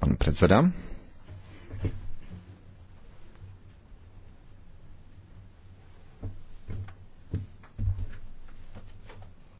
Pan předseda.